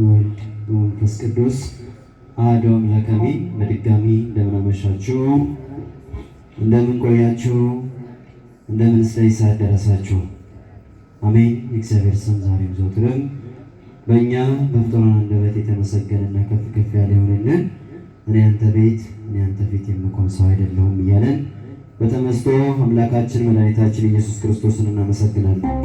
ወልድ በመንፈስ ቅዱስ አሐዱ አምላክ አሜን። በድጋሚ እንደምን አመሻችሁ፣ እንደምን ቆያችሁ፣ እንደምን ስለ ሰዓት ደረሳችሁ። አሜን። እግዚአብሔር ስም ዛሬም ዘወትርም በእኛ በፍጡራን አንደበት የተመሰገነና ከፍ ከፍ ያለ ይሁንልን። እኔ አንተ ቤት እኔ አንተ ፊት የምቆም ሰው አይደለሁም እያለን በተመስጦ አምላካችን መድኃኒታችን ኢየሱስ ክርስቶስን እናመሰግናለን።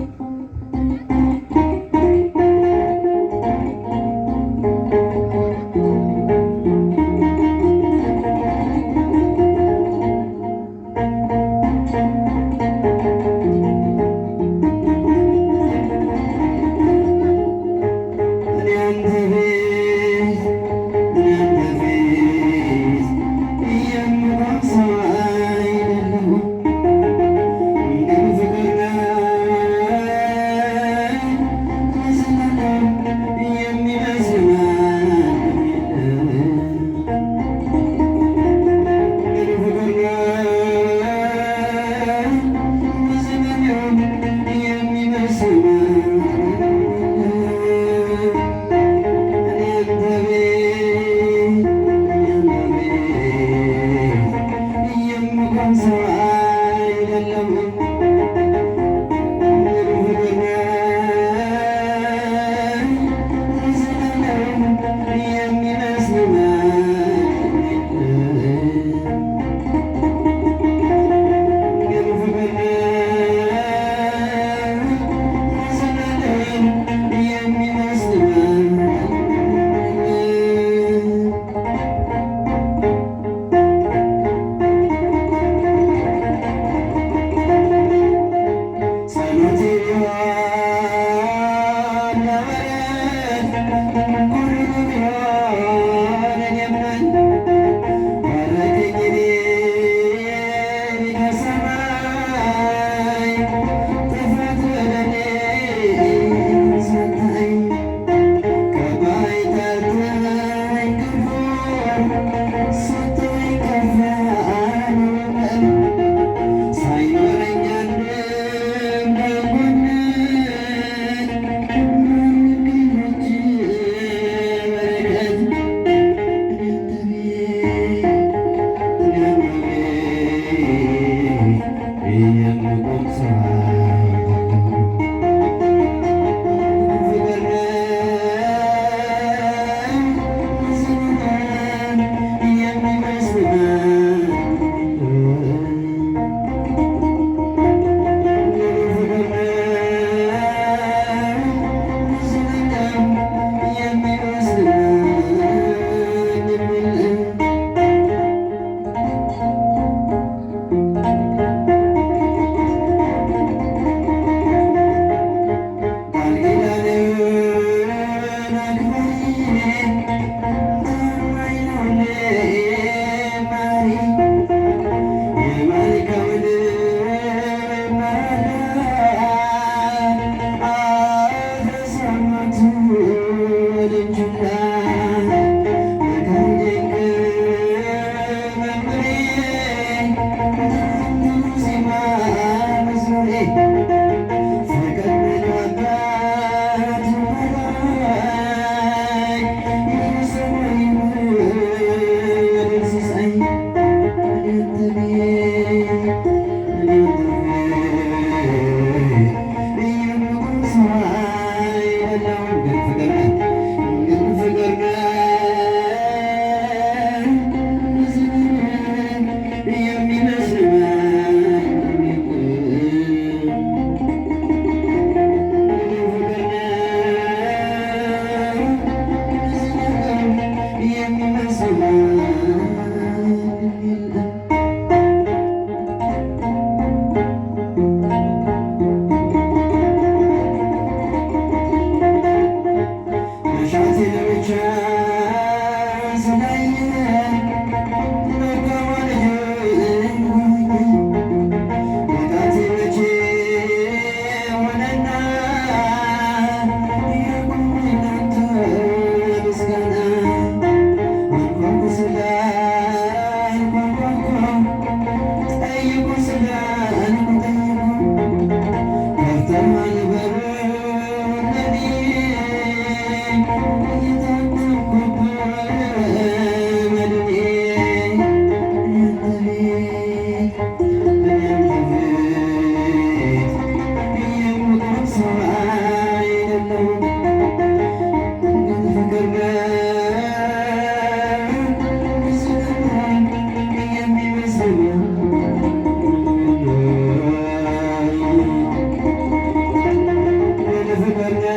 Amen.